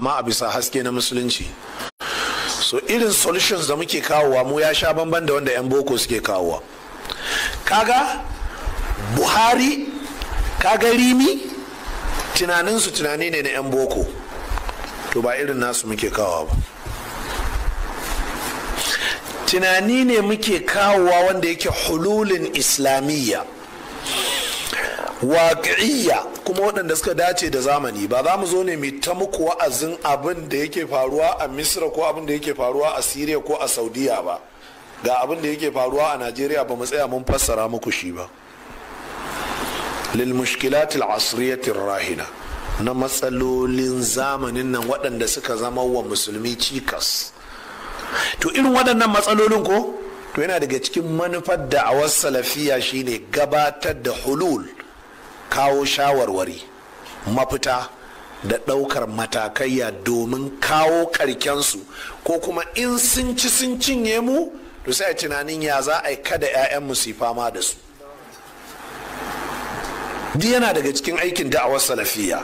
ma a bisa haske na musulunci so irin solutions da muke kawowa mu ya sha bamban da wanda 'yan boko suke kawowa kaga buhari kaga rimi tunaninsu tunani ne na 'yan boko to ba irin nasu muke kawowa ba tunani ne muke kawowa wanda yake hululin islamiyya Waƙiyya kuma waɗanda suka dace da zamani ba za mu zo ne mai ta muku wa'azin abin da yake faruwa a misra ko abin da yake faruwa a siriya ko a saudiya ba ga abin da yake faruwa a najeriya ba mu tsaya mun fassara muku shi ba lil mushkilat rahina na matsalolin zamanin nan waɗanda suka zama wa musulmi cikas to irin waɗannan matsalolin ko to yana daga cikin manufar da a wasu salafiya shine gabatar da hulul kawo shawarwari mafita da ɗaukar matakaiya domin kawo karkensu ko kuma in sun ci sun cinye mu to sai a tunanin ya za a kada 'ya'yan su fama da su duk yana daga cikin aikin da'awar salafiya